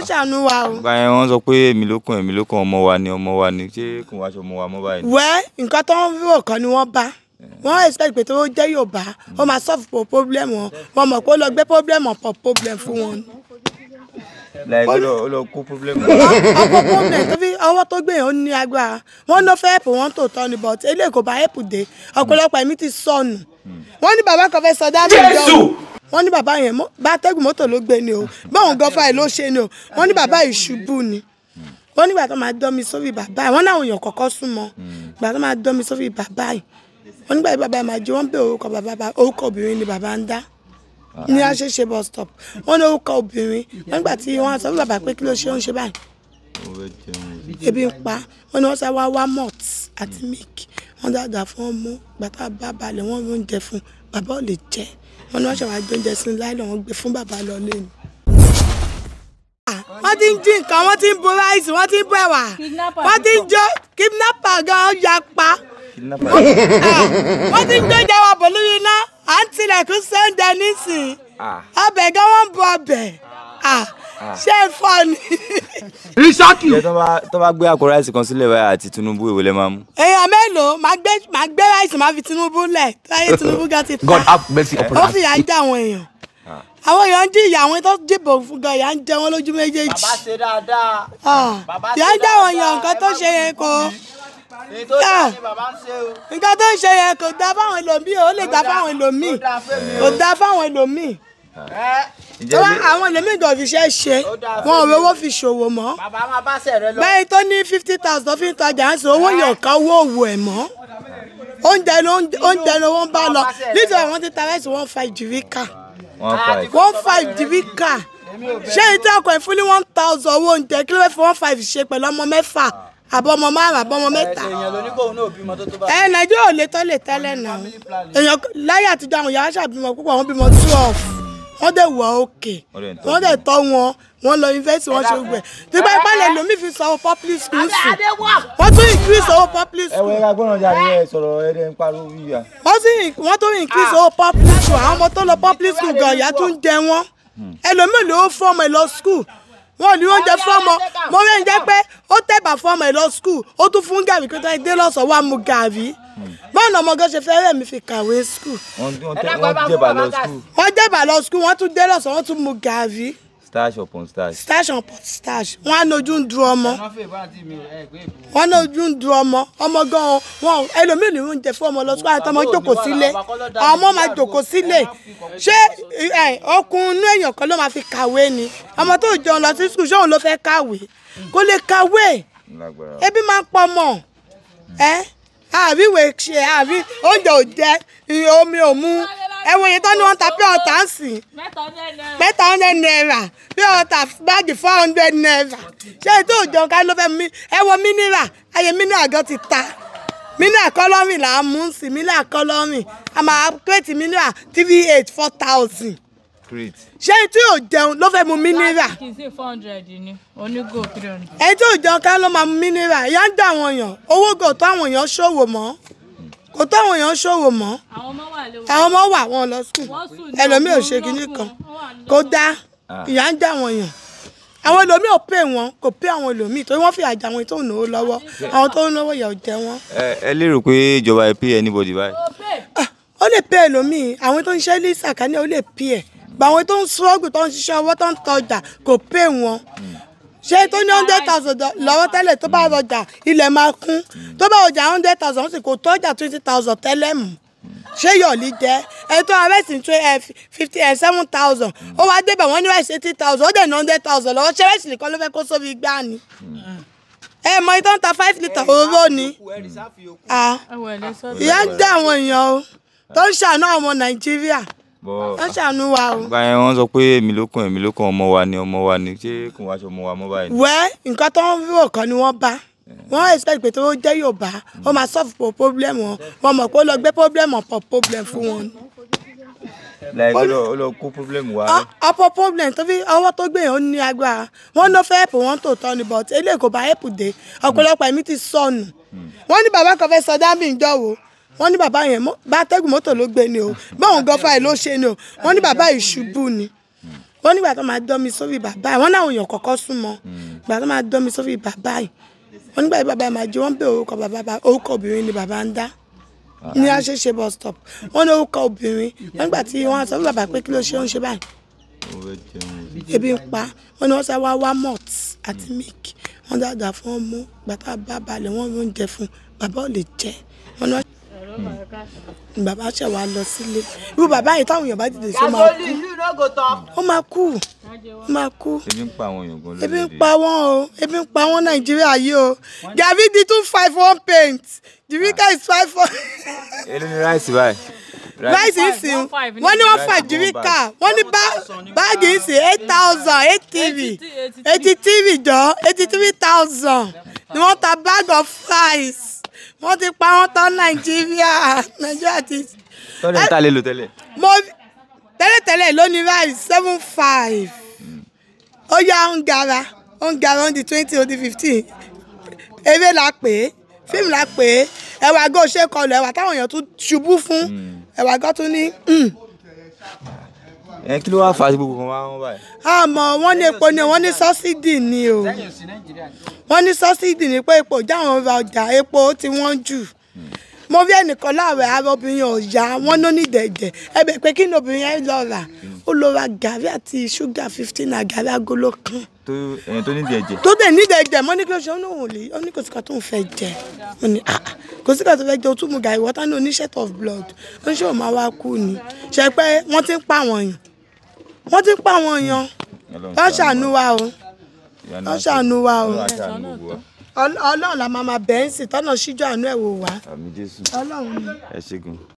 wọ́n ṣàánú wa o. ìgbà yẹn wọ́n sọ pé èmi ló kàn èmi ló kàn ọmọ wa ni ọmọ wa ni ṣé kò wá ṣọmọ wa mọ́ báyìí. wẹ́ nǹkan tó ń rò kan ni wọ́n bá eh. wọ́n expect pé tó jẹ́ Yorùbá wọ́n máa solve for problem wọn wọ́n mọ̀ pé ó lọ gbé problem for problem fún wọn. like ó lọ ó lọ kó problem. ọkọ problem tó fi ọwọ́ tó gbé yẹn ó ní agbára wọ́n ló fẹ́ help wọn tó tọ́ ni but eléyìí kò bá help dé ọ̀pọ̀lọpọ̀ wọ́n ní bàbá yẹn bá tẹ́gùn mọ́tò ló gbé ni o báwọn gọ́fà yìí ló ṣe ni o wọ́n ní bàbá yìí ṣubú ni wọ́n nígbà tó máa dán mi sórí bàbá yìí wọ́n náà èèyàn kọ̀ọ̀kan súnmọ́ ìgbà tó máa dán mi sórí bàbá yìí wọ́n nígbà yìí bàbá yìí máa jẹ́ wọ́n bẹ̀ orúkọ bàbá orúkọ obìnrin ni bàbá ń dá ní àṣeṣe bus stop wọ́n ní orúkọ obìnrin wọ́n nígbà tí wọ́n sọ fún bàbá pé kí ló ṣe ń ṣe báyìí ebi ń pa wọ́n ní wọ́n sá wá wá malt àti milk wọ́n dàgbà fún ọmọ bàtà bá balẹ̀ wọ́n rí oúnjẹ fún bàbá ò lè jẹ́ wọ́n ní wọ́n ṣe wàá gbé oúnjẹ sí láìlọ́ wọ́n gbé fún bàbá lọ lé ni. wọ́n ti ń jí nǹkan wọ́n ti ń bu ráìsì wọ́n ti ń bu ẹ̀wà wọ́n ti ń jó kidnapper gan ya pa wọ́n ti ń jó jẹ́ wa bò iná à ń tilẹ̀kùn sẹ́ńdẹ̀ nísìnyí ọbẹ̀ gan wọ́n ń bu ọbẹ̀. Ah. ṣé ẹ fọ ni. isaki. ṣé tó bá gbé àkó ráìsì kan sílẹ̀ báyà àti Tinubu èwo lè máa mú. èèyàn mélòó máa gbé máa gbé ráìsì máa fi Tinubu lẹ̀ táyé Tinubu gan ti ta. God have mercy upon us. ó fìyà ń jẹ àwọn èèyàn ah. àwọn èèyàn ń jìyà àwọn tó dìbò fún gan ìyà ń jẹ wọn lójú méjèèjì. bàbá ṣe dáadáa. Ah. ìyà ń jẹ àwọn èèyàn nǹkan tó ṣe yẹn kó nǹkan tó ṣe yẹn kò dá fáwọn ẹlòmíì ó àwọn ẹlẹ́mìí ìdọ̀ fi ṣe ṣe wọn ò rówó fi ṣòwò mọ́ bẹ́ẹ̀ tó ní fifty thousand fi ń tajà ń sọ owó yóò ká owó òwò ẹ̀ mọ́ oúnjẹ ni wọ́n bá lọ nítorí àwọn ti ta rẹ́sì one five jìríkà one five jìríkà ṣé ìtọ́ ọkọ̀ ìfún ní one thousand owó oúnjẹ kí ló fẹ́ fi one five ṣe pẹ̀lú ọmọ mẹ́fà àbọ̀ ọmọ márùn àbọ̀ ọmọ mẹ́ta. ẹ nàìjíríà ò lè tọ́ lè tẹ́lẹ̀ náà èèyàn láyé àtijọ́ àwọn ìyá aṣàbímọ púpọ̀ wọ́n bímọ twelve wọ́n dẹ̀ wà òkè wọ́n dẹ̀ tọ́ wọn wọ́n lọ invest wọn ṣe gbẹ̀ nígbà ìpàlẹ̀ lómi fi sanwó public school sùn wọ́n tún increase owó public school. ẹ̀wọ̀n ẹ̀ka gbọ́dọ̀ jáde ẹ̀ sọ̀rọ̀ ẹ̀dẹ̀ ń pariwo yíyà. wọ́n tún increase owó public school àwọn ọmọ tó lọ public school gan ìyá tún jẹ wọn hmm. ẹlòmíì ló fọmọ ẹ lọ school wọn ò ní oúnjẹ fọmọ mo rí oúnjẹ pé ó tẹ̀bà fọmọ ẹ lọ school ó tún fún gàrí pé tó ẹ dé lọ́sọ̀ọ́ wàá mu gàrí báwọn ọmọ gan ṣe fẹ́rẹ̀ mi fi kàwé skul. wọ́n jẹ̀bà lọ skul. wọ́n jẹ̀bà lọ skul wọ́n tún dé lọ́sàn-án wọ́n tún mu gàrí. stash upon stash. stash upon stash wọ́n á nojú ń du ọmọ. wọ́n nojú ń du ọmọ ọmọ gan wọn ẹlòmíì ni wọ́n jẹ fún ọmọ lọ skul àti ọmọ jòkó sílé ọmọ máa jòkó sílé ṣé okun inú èèyàn kan ló máa fi kàwé ni ọmọ tó jẹun lọ sí skul ṣé òun ló fẹ́ kàwé kó lè kàwé ebi máa ń pọ̀ mọ́ ẹ́ àbí ìwé ṣe àbí oúnjẹ ò jẹ omi ò mu ẹwọ yìí tó ní wọn ta pé ọta ń sìn mẹ́ta hundred naira pé ọta báàgì four hundred naira ṣé ètò òjò ká ló fẹ́ mi ẹwọ mínírà ayé mínírà gan ti ta mínírà kọlọ́rìn là ń mú sí mínírà kọlọ́rìn a máa kírètì mínírà three eight four thousand accurate. ṣé ẹni tí yóò jẹun ló fẹ́ mu mineral. kì í sí four hundred ni onígò three hundred. ẹni tí yóò jẹun ká ló máa mu mineral ìyà ń dá àwọn èèyàn owó gò tó àwọn èèyàn ṣòwò mọ́ kò tó àwọn èèyàn ṣòwò mọ́ àwọn ọmọ wà wọn lọ sùn ẹlòmíì ò ṣe kinní kan kò dá ìyà ń dá àwọn èèyàn àwọn ẹlòmíì ò pè wọn kò pè àwọn ẹlòmíì torí wọn fi àjà àwọn tó ń náwó lọ́wọ́ àwọn tó ń náwó yà ò jẹ wọn. ẹ lérò pé ìjọba ẹ pay anybody báyìí. ó ah, lè pay ẹlòmíì àwọn tó ń ṣe ní ó lè pay ẹ bàwọn tó ń sọ́ọ̀gù tó ń ṣiṣẹ́ ọwọ́ tó ń tọjà kò pè wọ́n ṣé tó ní hundred thousand lọ́wọ́ tẹ́lẹ̀ tó bá rọjà ilẹ̀ máa kún tó bá rọjà hundred thousand ó sì kò tọ́jà twenty thousand tẹ́lẹ̀ mù ṣé yọ̀ọ̀lì jẹ́ ẹni tó arẹ́ sí tún fifty eh, seven thousand ó wá débẹ̀ wọ́n ní rice eighty thousand ó dẹ̀ ní hundred thousand lọ́wọ́ ṣé rice nìkan ló fẹ́ kó sóbi igbá ni ẹ mọ ìtàn ta five litre òróró ni ah. ìyá ń dá àwọn èèyàn o tó ń ṣàánú àwọn Nàìjíríà ó ṣàánú wa o. ìgbà yẹn wọ́n sọ pé èmi ló kàn èmi ló kàn ọmọ wa ni ọmọ wa ni ṣé kò wá ṣe ọmọ wa mọ́ báyìí. wẹ́ nǹkan tó ń rò kan ni wọ́n bá eh. wọ́n expect pé tó jẹ́ Yorùbá wọ́n máa solve for problem wọn wọ́n mọ̀ pé ó lọ gbé problem ọ̀pọ̀ problem fún wọn. like ó lọ kó problem wá. ọ̀pọ̀ problem tó fi ọwọ́ tó gbé yẹn ó ní agbára wọ́n ló fẹ́ help wọ́n tó tọ́ ni but eléyìí kò bá help dé ọ̀pọ̀lọpọ̀ wọ́n ní bàbá yẹn bátẹ́gùn mọ́tò ló gbé ni o bóun gan fáyì ló ṣe ni o wọ́n ní bàbá yìí ṣubú ni wọ́n nígbà tó máa dán mi sórí bàbá yìí wọ́n náwọn èèyàn kọ́kọ́ sún mọ́ ìgbà tó máa dán mi sórí bàbá yìí wọ́n nígbà tí bàbá yìí máa jẹ́ wọ́n bẹ orúkọ bàbá orúkọ obìnrin ni bàbá ń dá ní àṣeṣe bus stop wọ́n ní orúkọ obìnrin wọ́n nígbà tí wọ́n sọ fún bàbá pé kí ló ṣe ó ń ṣe báyìí ebi ń pa wọ́n ní wọ́n sá wá wá malt àti milk wọ́n dáadáa fún ọmọ gbàtà bá balẹ̀ wọ́n oúnjẹ fún bàbá ò lè jẹ wọ́n ní wọ́n bàbá ṣe wàá lọ sílé irú bàbá yìí táwọn èèyàn bá dìde sí máa kú ó máa kú ó máa kú ebi ń pa wọn o ebi ń pa wọn nàìjíríà yìí o gavidi two five one paint jìbìkà ah. is five one. èlé ni ráìsì báyìí ráìsì ń sìn wọ́n ní one five jìbìkà wọ́n ní báàgì ń sìn eight thousand eight tv eighty tv jọ eighty three thousand ni wọ́n ta bag of fries wọ́n ti pa wọ́n tán nàìjíríà nàìjíríà ti. tọ́lẹ̀ ta lè lò tẹ́lẹ̀. mo tẹ́lẹ̀tẹ́lẹ̀ lónìí báyìí seven five ó yá ń gara on ń gara ó twenty ó the fifteen eré la pè é fíìmù la pè é ẹ̀wà gò ṣe kọlù ẹ̀wà táwọn èèyàn tún ṣubú fún hmm. ẹ̀wà gò tún ní. Hmm ẹ kí ló wá fà á sí gbogbo kan wá wọn báyìí. àmọ́ wọ́n ní epo ni wọ́n ní sọ́sídì ni o wọ́n ní sọ́sídì ni pé epo jáwọn ra ọjà epo tí wọ́n jù mo rí ẹnìkan láàrẹ ara obìnrin wọn ló ní dẹ̀dẹ̀ ẹ pé kí ni obìnrin yẹn lọ rà ó lọ ra gàrí àti ṣúgà fifteen àgàrí agolo kan. tó ẹni tó ní dẹ̀jẹ̀. tó dẹ̀ ní dẹ̀jẹ̀ mo ní kí ló ṣe ó òun lè ó ní kò sí ká tó ń fẹ́ jẹ mo ní ah, ah kò sí ká tó fẹ́ jẹ o gàrí wọ́tá ní oníṣẹ́t of blood ó ń ṣe òun máa wá kú ni ṣe pé wọ́n ti ń pa àwọn yìí wọ́n ti ń pa àwọn èèyàn wọ́n ṣàánú wa o wọ́n ṣàánú wa o ọlọ́run la máa máa bẹ́ẹ̀ ń sìn tọ́nà ṣíjú àánú ẹ̀ wò wá ọlọ́run ni.